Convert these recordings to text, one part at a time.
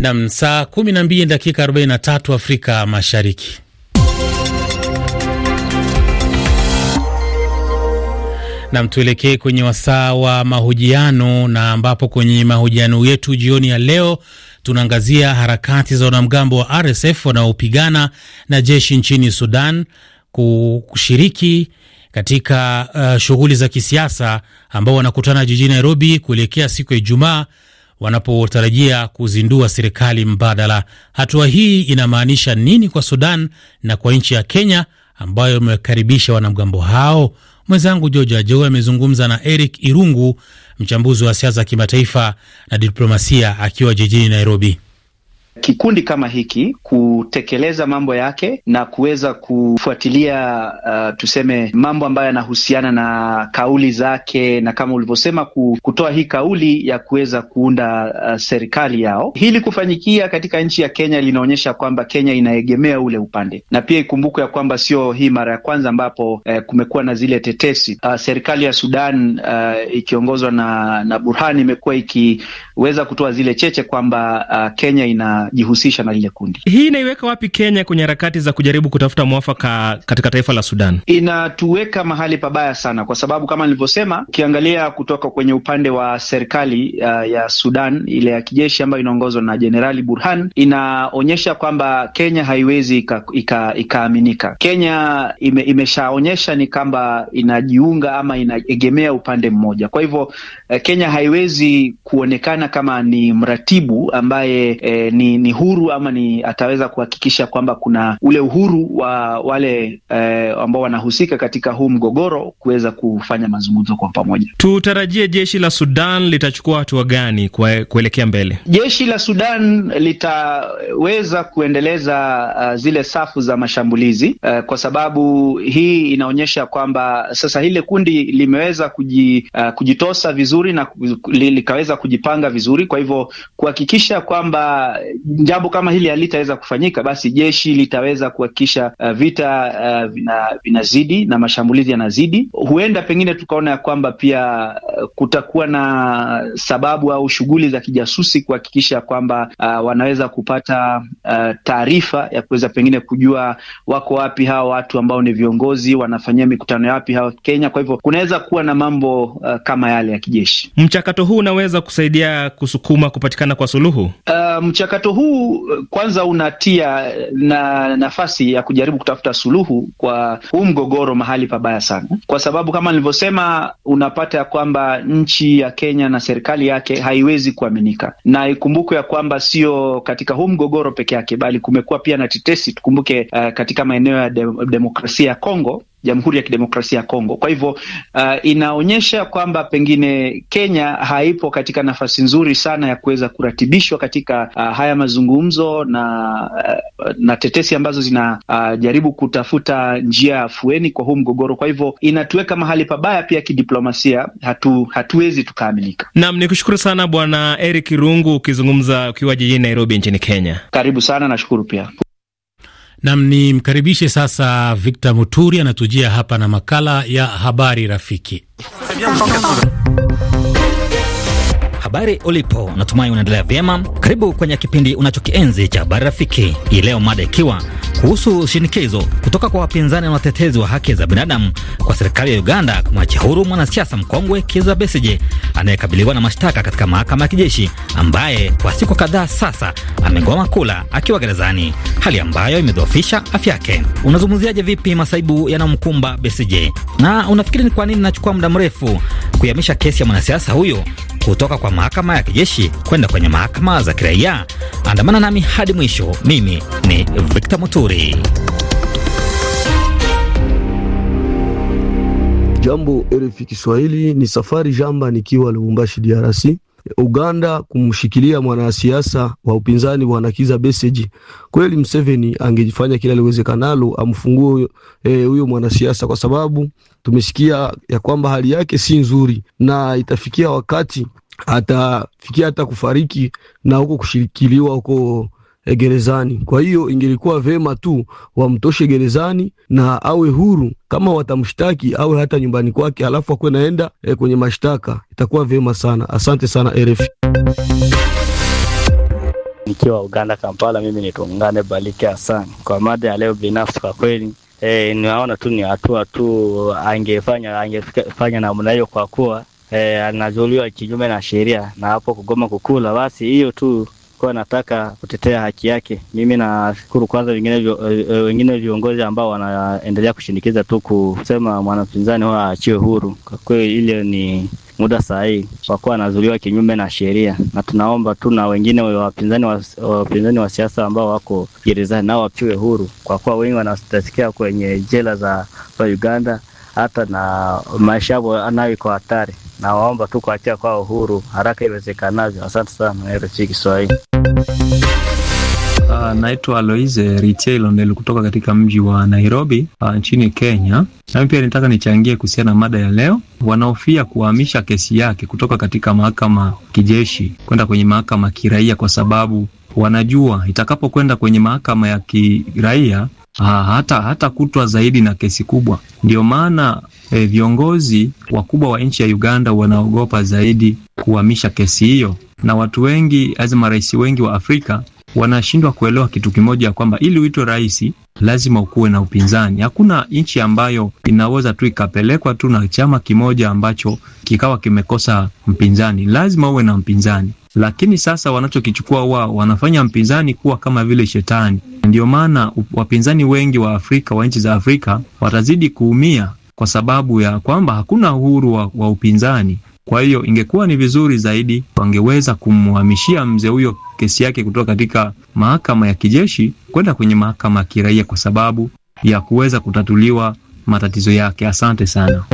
Nam, saa 12 dakika 43 Afrika Mashariki. Nam, tuelekee kwenye wasaa wa mahojiano na ambapo kwenye mahojiano yetu jioni ya leo tunaangazia harakati za wanamgambo wa RSF wanaopigana na jeshi nchini Sudan kushiriki katika uh, shughuli za kisiasa ambao wanakutana jijini Nairobi kuelekea siku ya Ijumaa wanapotarajia kuzindua serikali mbadala. Hatua hii inamaanisha nini kwa Sudan na kwa nchi ya Kenya ambayo imekaribisha wanamgambo hao? Mwenzangu George Ajoe amezungumza na Eric Irungu, mchambuzi wa siasa za kimataifa na diplomasia, akiwa jijini Nairobi kikundi kama hiki kutekeleza mambo yake na kuweza kufuatilia uh, tuseme mambo ambayo yanahusiana na kauli zake, na kama ulivyosema kutoa hii kauli ya kuweza kuunda uh, serikali yao. Hili kufanyikia katika nchi ya Kenya linaonyesha kwamba Kenya inaegemea ule upande, na pia ikumbukwe ya kwamba sio hii mara ya kwanza ambapo uh, kumekuwa na zile tetesi uh, serikali ya Sudan uh, ikiongozwa na, na Burhani imekuwa ikiweza kutoa zile cheche kwamba uh, Kenya ina wanajihusisha na lile kundi. Hii inaiweka wapi Kenya kwenye harakati za kujaribu kutafuta mwafaka katika taifa la Sudan? Inatuweka mahali pabaya sana, kwa sababu kama nilivyosema, ukiangalia kutoka kwenye upande wa serikali uh, ya Sudan ile ya kijeshi ambayo inaongozwa na Jenerali Burhan, inaonyesha kwamba Kenya haiwezi ikaaminika. Kenya ime, imeshaonyesha ni kwamba inajiunga ama inaegemea upande mmoja. Kwa hivyo uh, Kenya haiwezi kuonekana kama ni mratibu ambaye eh, ni ni, huru ama ni ataweza kuhakikisha kwamba kuna ule uhuru wa wale e, ambao wanahusika katika huu mgogoro kuweza kufanya mazungumzo kwa pamoja. Tutarajie jeshi la Sudan litachukua hatua gani kuelekea mbele? Jeshi la Sudan litaweza kuendeleza uh, zile safu za mashambulizi uh, kwa sababu hii inaonyesha kwamba sasa hile kundi limeweza kuji, uh, kujitosa vizuri na likaweza kujipanga vizuri, kwa hivyo kuhakikisha kwamba jambo kama hili halitaweza kufanyika, basi jeshi litaweza kuhakikisha uh, vita uh, vina, vinazidi na mashambulizi yanazidi. Huenda pengine tukaona ya kwamba pia uh, kutakuwa na sababu au shughuli za kijasusi kuhakikisha kwamba uh, wanaweza kupata uh, taarifa ya kuweza pengine kujua wako wapi hawa watu ambao ni viongozi, wanafanyia mikutano yapi hawa Kenya. Kwa hivyo kunaweza kuwa na mambo uh, kama yale ya kijeshi. Mchakato huu unaweza kusaidia kusukuma kupatikana kwa suluhu uh, mchakato mchakato huu eh, kwanza unatia eh, na nafasi ya kujaribu kutafuta suluhu kwa huu mgogoro mahali pabaya sana, kwa sababu kama nilivyosema, unapata ya kwamba nchi ya Kenya na serikali yake haiwezi kuaminika, na ikumbukwe ya kwamba sio katika huu mgogoro peke yake, bali kumekuwa pia na tetesi. Tukumbuke uh, katika maeneo ya de demokrasia ya Kongo Jamhuri ya Kidemokrasia ya Kongo. Kwa hivyo uh, inaonyesha kwamba pengine Kenya haipo katika nafasi nzuri sana ya kuweza kuratibishwa katika uh, haya mazungumzo na uh, na tetesi ambazo zinajaribu uh, kutafuta njia ya afueni kwa huu mgogoro. Kwa hivyo inatuweka mahali pabaya pia kidiplomasia, hatu, hatuwezi tukaaminika. Naam, ni kushukuru sana Bwana Eric Rungu ukizungumza ukiwa jijini Nairobi nchini Kenya. Karibu sana, nashukuru pia. Nam ni mkaribishe sasa Victor Muturi anatujia hapa na makala ya habari rafiki. Habari ulipo, natumai unaendelea vyema. Karibu kwenye kipindi unachokienzi cha habari rafiki, hii leo mada ikiwa kuhusu shinikizo kutoka kwa wapinzani na watetezi wa haki za binadamu kwa serikali ya Uganda kumwachia huru mwanasiasa mkongwe Kizza Besigye anayekabiliwa na mashtaka katika mahakama ya kijeshi ambaye kwa siku kadhaa sasa amegoma kula akiwa gerezani, hali ambayo imedhoofisha afya yake. Unazungumziaje vipi masaibu yanayomkumba Besigye, na unafikiri ni kwa nini nachukua muda mrefu kuihamisha kesi ya mwanasiasa huyo kutoka kwa mahakama ya kijeshi kwenda kwenye mahakama za kiraia? Andamana nami hadi mwisho. Mimi ni Victor Mutu nzuri. Jambo RFI Kiswahili, ni safari jamba nikiwa Lubumbashi DRC. Uganda kumshikilia mwanasiasa wa upinzani bwana Kiza Beseji, kweli Mseveni angejifanya kila liwezekanalo amfungue eh, huyo mwanasiasa kwa sababu tumesikia ya kwamba hali yake si nzuri na itafikia wakati atafikia hata kufariki na huko kushikiliwa huko e, gerezani. Kwa hiyo ingelikuwa vema tu wamtoshe gerezani na awe huru, kama watamshtaki awe hata nyumbani kwake, alafu akwe naenda e, kwenye mashtaka, itakuwa vema sana. Asante sana RF. Nikiwa Uganda, Kampala, mimi nituungane Balike Hasani kwa mada ya leo. Binafsi kwa kweli e, eh, naona tu ni hatua tu angefanya angefanya namna hiyo, kwa kuwa e, anazuliwa kinyume na sheria na hapo kugoma kukula, basi hiyo tu kwa nataka kutetea haki yake. Mimi nashukuru kwanza wengine eh, eh, wengine viongozi ambao wanaendelea kushinikiza tu kusema mwanapinzani huyo aachiwe huru. Kwa kweli ile ni muda sahihi kwa kuwa anazuliwa kinyume na sheria, na tunaomba tu na wengine wapinzani wa, wapinzani wa siasa ambao wako gerezani nao wapiwe huru, kwa kuwa wengi wanatasikia kwenye jela za Uganda hata na maisha yao anayo iko hatari, na waomba tu kuachia kwa uhuru haraka iwezekanavyo. Asante sana RFI Kiswahili. Uh, naitwa Aloise Ritie Ilondelu kutoka katika mji wa Nairobi uh, nchini Kenya. Nami pia nitaka nichangie kuhusiana na mada ya leo. Wanaofia kuhamisha kesi yake kutoka katika mahakama kijeshi kwenda kwenye mahakama kiraia kwa sababu wanajua itakapokwenda kwenye mahakama ya kiraia ha, hata, hata kutwa zaidi na kesi kubwa. Ndio maana e, viongozi wakubwa wa nchi ya Uganda wanaogopa zaidi kuhamisha kesi hiyo, na watu wengi, azima rais wengi wa Afrika wanashindwa kuelewa kitu kimoja, kwamba ili uitwe rais lazima ukuwe na upinzani. Hakuna nchi ambayo inaweza tu ikapelekwa tu na chama kimoja ambacho kikawa kimekosa mpinzani, lazima uwe na mpinzani. Lakini sasa wanachokichukua wao, wanafanya mpinzani kuwa kama vile shetani. Ndio maana wapinzani wengi wa Afrika, wa nchi za Afrika watazidi kuumia kwa sababu ya kwamba hakuna uhuru wa, wa upinzani kwa hiyo ingekuwa ni vizuri zaidi wangeweza kumhamishia mzee huyo kesi yake kutoka katika mahakama ya kijeshi kwenda kwenye mahakama ya kiraia kwa sababu ya kuweza kutatuliwa matatizo yake. Asante sana.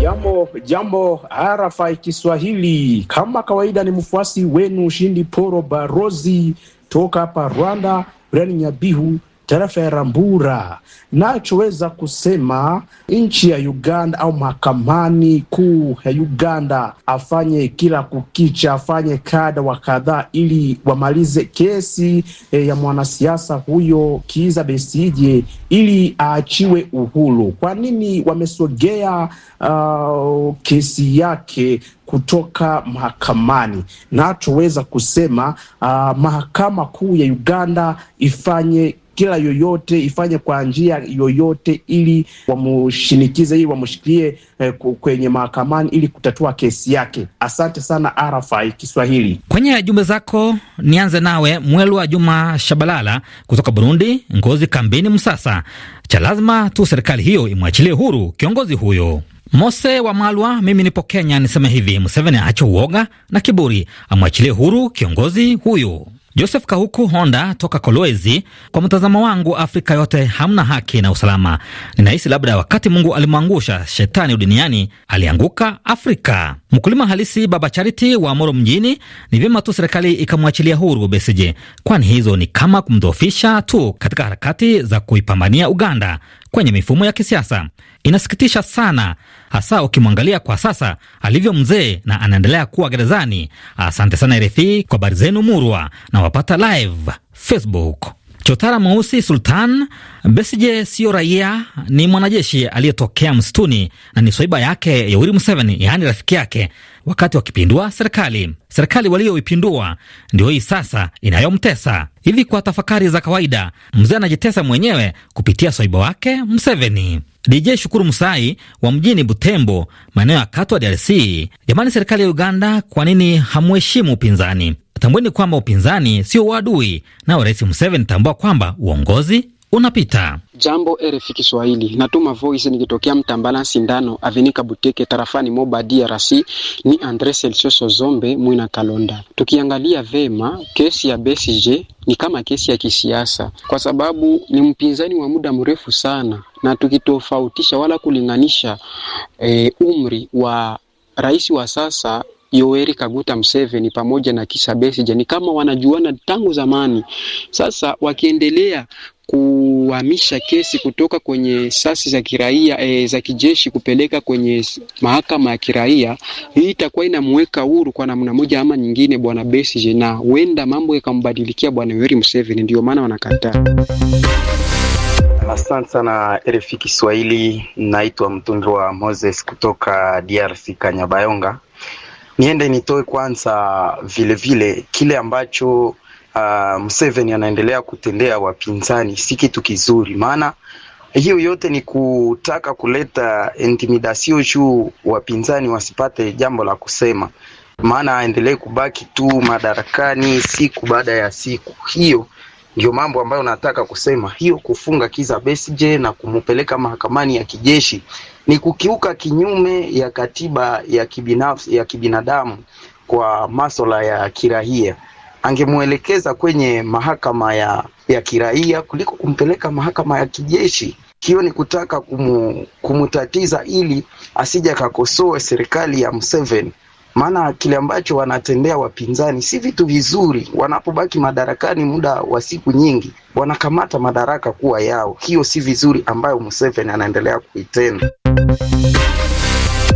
Jambo jambo, RFI Kiswahili, kama kawaida ni mfuasi wenu Shindi Poro Barozi toka hapa Rwanda, Brian Nyabihu tarafa ya Rambura. Nachoweza kusema nchi ya Uganda au mahakamani kuu ya Uganda afanye kila kukicha, afanye kada wa kadhaa ili wamalize kesi eh, ya mwanasiasa huyo Kiiza Besije ili aachiwe uhuru. Kwa nini wamesogea uh, kesi yake kutoka mahakamani? Nachoweza kusema uh, mahakama kuu ya Uganda ifanye kila yoyote ifanye kwa njia yoyote, ili wamushinikize, ili wamushikilie eh, kwenye mahakamani ili kutatua kesi yake. Asante sana RFI Kiswahili kwenye jumbe zako. Nianze nawe Mwelwa Juma Shabalala kutoka Burundi, Ngozi kambini Msasa, cha lazima tu serikali hiyo imwachilie huru kiongozi huyo. Mose wa Malwa, mimi nipo Kenya, niseme hivi: Museveni aache uoga na kiburi, amwachilie huru kiongozi huyu Joseph Kahuku Honda toka Kolwezi. Kwa mtazamo wangu, Afrika yote hamna haki na usalama. Ninahisi labda wakati Mungu alimwangusha shetani duniani, alianguka Afrika. Mkulima halisi Baba Charity wa Moro mjini, ni vyema tu serikali ikamwachilia huru Besigye, kwani hizo ni kama kumdhoofisha tu katika harakati za kuipambania Uganda kwenye mifumo ya kisiasa. Inasikitisha sana, hasa ukimwangalia kwa sasa alivyo mzee na anaendelea kuwa gerezani. Asante sana RFI kwa habari zenu murwa na wapata live Facebook. Chotara Mweusi Sultan Besije siyo raia, ni mwanajeshi aliyetokea msituni na ni swaiba yake Yoweri Museveni, yaani rafiki yake, wakati wakipindua serikali. Serikali walioipindua ndio hii sasa inayomtesa hivi. Kwa tafakari za kawaida, mzee anajitesa mwenyewe kupitia swaiba wake Museveni. DJ Shukuru Musai wa mjini Butembo, maeneo ya Katwa, DRC. Jamani, serikali ya Uganda, kwa nini hamuheshimu upinzani? Tambueni kwamba upinzani sio uadui. Nao Rais Museveni tambua kwamba uongozi unapita. Jambo RFI Kiswahili, natuma voice nikitokea Mtambala Sindano Avenika Buteke tarafani Moba DRC. Ni Andre Celsius Zombe Mwina Kalonda. Tukiangalia vema kesi ya Besigye ni kama kesi ya kisiasa, kwa sababu ni mpinzani wa muda mrefu sana, na tukitofautisha wala kulinganisha e, umri wa rais wa sasa Yoweri Kaguta Museveni pamoja na Kizza Besigye ni kama wanajuana tangu zamani. Sasa wakiendelea kuhamisha kesi kutoka kwenye sasi za kiraia e, za kijeshi kupeleka kwenye mahakama ya kiraia, hii itakuwa inamweka huru kwa namna moja ama nyingine bwana Besigye, na huenda mambo yakambadilikia bwana Yoweri Museveni, ndio maana wanakataa. Asante sana RFI Kiswahili, naitwa wa Moses kutoka DRC Kanyabayonga niende nitoe kwanza vilevile vile, kile ambacho uh, Museveni anaendelea kutendea wapinzani si kitu kizuri, maana hiyo yote ni kutaka kuleta intimidasio juu wapinzani wasipate jambo la kusema, maana aendelee kubaki tu madarakani siku baada ya siku. Hiyo ndio mambo ambayo nataka kusema. Hiyo kufunga Kiza Besije na kumupeleka mahakamani ya kijeshi ni kukiuka kinyume ya katiba ya kibinafsi ya kibinadamu kwa masuala ya kiraia. Angemwelekeza kwenye mahakama ya, ya kiraia kuliko kumpeleka mahakama ya kijeshi. Hiyo ni kutaka kumu, kumutatiza ili asije akakosoe serikali ya Museveni maana kile ambacho wanatendea wapinzani si vitu vizuri. Wanapobaki madarakani muda wa siku nyingi, wanakamata madaraka kuwa yao. Hiyo si vizuri ambayo Museveni anaendelea kuitenda.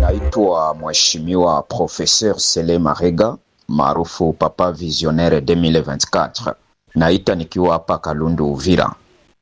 Naitwa Mheshimiwa Professeur Sele Marega maarufu Papa Visionnaire 2024 naita nikiwa hapa Kalundu, Uvira.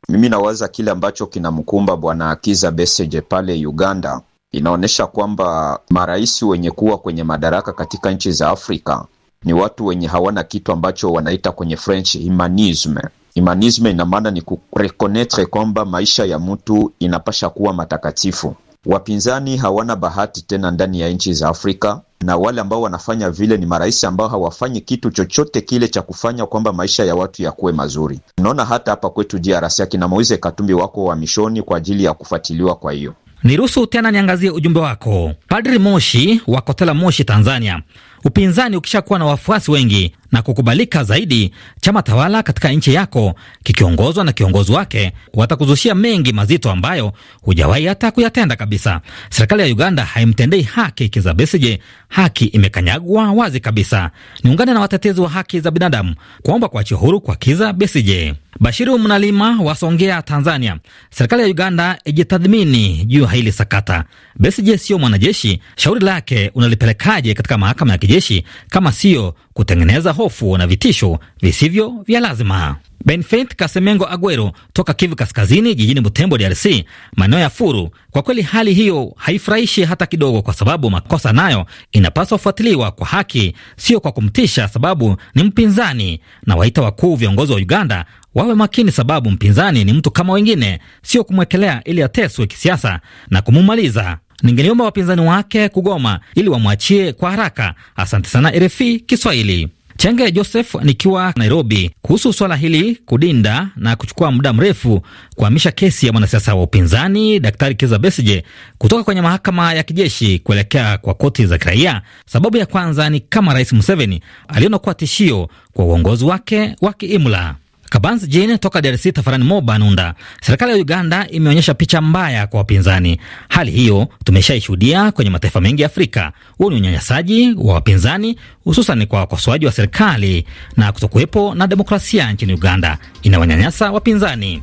Mimi nawaza kile ambacho kinamkumba Bwana Akiza beseje pale Uganda inaonyesha kwamba marais wenye kuwa kwenye madaraka katika nchi za Afrika ni watu wenye hawana kitu ambacho wanaita kwenye French humanisme. Humanisme ina maana ni kurekonetre kwamba maisha ya mtu inapasha kuwa matakatifu. Wapinzani hawana bahati tena ndani ya nchi za Afrika, na wale ambao wanafanya vile ni marais ambao hawafanyi kitu chochote kile cha kufanya kwamba maisha ya watu yakuwe mazuri. Unaona hata hapa kwetu DRC akina Moise Katumbi wako mishoni kwa ajili ya kufuatiliwa. Kwa hiyo Niruhusu tena niangazie ujumbe wako. Padri Moshi wa Kotela, Moshi, Tanzania, Upinzani ukishakuwa na wafuasi wengi na kukubalika zaidi, chama tawala katika nchi yako kikiongozwa na kiongozi wake watakuzushia mengi mazito ambayo hujawahi hata kuyatenda kabisa. Serikali ya Uganda haimtendei haki Kizza Besigye, haki imekanyagwa wazi kabisa. Niungane na watetezi wa haki za binadamu kuomba kuachia huru kwa Kizza Besigye. Bashiru Mnalima wasongea Tanzania, serikali ya Uganda ijitathmini juu ya hili sakata. Besigye sio mwanajeshi, shauri lake unalipelekaje katika mahakama ya kijeshi? kijeshi kama sio kutengeneza hofu na vitisho visivyo vya lazima. Benfeit Kasemengo Aguero toka Kivu Kaskazini, jijini Butembo, DRC, maeneo ya Furu. Kwa kweli hali hiyo haifurahishi hata kidogo, kwa sababu makosa nayo inapaswa kufuatiliwa kwa haki, sio kwa kumtisha, sababu ni mpinzani. Na waita wakuu viongozi wa Uganda wawe makini, sababu mpinzani ni mtu kama wengine, sio kumwekelea ili ateswe kisiasa na kumumaliza. Ningeliomba wapinzani wake kugoma ili wamwachie kwa haraka. Asante sana RFI Kiswahili. Chenge Joseph nikiwa Nairobi, kuhusu swala hili kudinda na kuchukua muda mrefu kuhamisha kesi ya mwanasiasa wa upinzani Daktari Kiza Besije kutoka kwenye mahakama ya kijeshi kuelekea kwa koti za kiraia. Sababu ya kwanza ni kama Rais Museveni aliona kuwa tishio kwa uongozi wake wa kiimla. Kabanzi Jane toka DRC, Tafarani Mo Banunda. Serikali ya Uganda imeonyesha picha mbaya kwa wapinzani. Hali hiyo tumeshaishuhudia kwenye mataifa mengi ya Afrika. Huu ni unyanyasaji wa wapinzani, hususan kwa wakosoaji wa serikali, na kutokuwepo na demokrasia nchini Uganda inawanyanyasa wapinzani.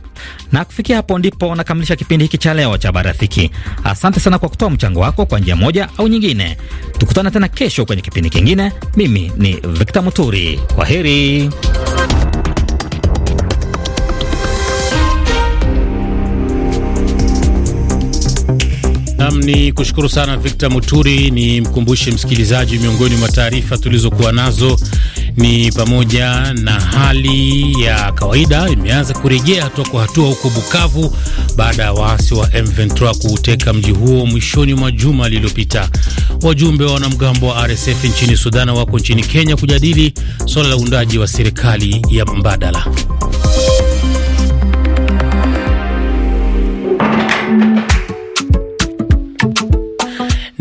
Na kufikia hapo ndipo nakamilisha kipindi hiki cha leo cha habari rafiki. Asante sana kwa kutoa mchango wako kwa njia moja au nyingine. Tukutana tena kesho kwenye kipindi kingine. Mimi ni Victor Muturi, kwa heri. nam ni kushukuru sana Victor Muturi. Ni mkumbushe msikilizaji, miongoni mwa taarifa tulizokuwa nazo ni pamoja na hali ya kawaida imeanza kurejea hatua kwa hatua huko Bukavu baada ya waasi wa M23 kuuteka mji huo mwishoni mwa juma lililopita. Wajumbe wa wanamgambo wa RSF nchini Sudan wako nchini Kenya kujadili swala la uundaji wa serikali ya mbadala.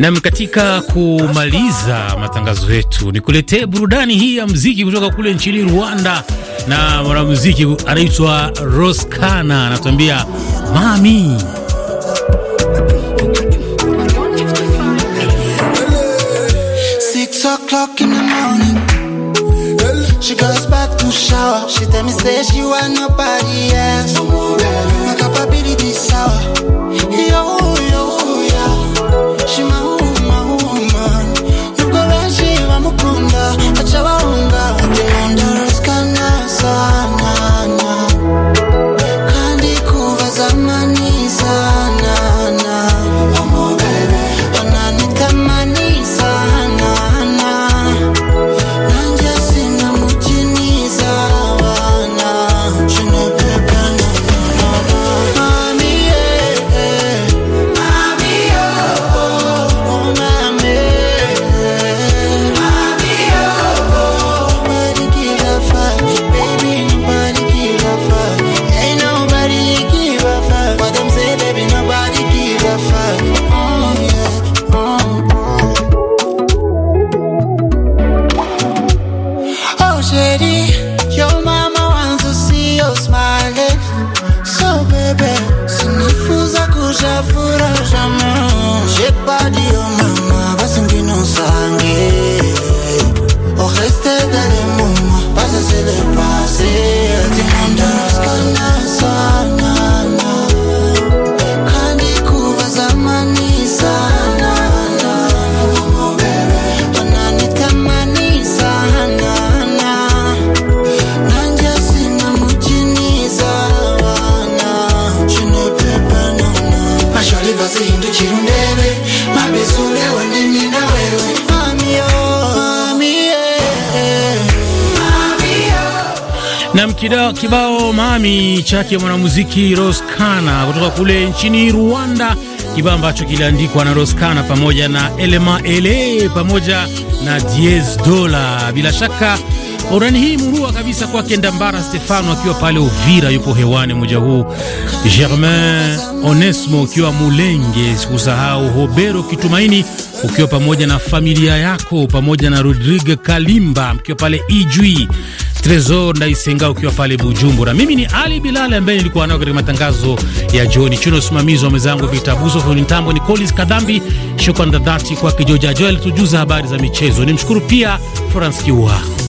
Nam, katika kumaliza matangazo yetu, nikuletee burudani hii ya mziki kutoka kule nchini Rwanda, na mwanamuziki anaitwa Roskana anatuambia mami bakunda acha bahunga kibao mami chake mwanamuziki Roskana kutoka kule nchini Rwanda, kibao ambacho kiliandikwa na Roskana pamoja na Elema Ele pamoja na Diez Dola. Bila shaka urani hii murua kabisa kwake Ndambara Stefano akiwa pale Uvira, yupo hewani moja huu. Germain Onesmo ukiwa Mulenge, sikusahau Hobero Kitumaini ukiwa pamoja na familia yako pamoja na Rodrigue Kalimba mkiwa pale Ijwi Tresor isenga ukiwa pale Bujumbura. Mimi ni Ali Bilal ambaye nilikuwa nao katika matangazo ya jioni chuno, usimamizi wa mwenzangu Vitabuso Funi Mtambo ni Collins Kadhambi. Shukrani za dhati kwa Kijoja Joel tujuza habari za michezo. Nimshukuru pia Florence Kiua.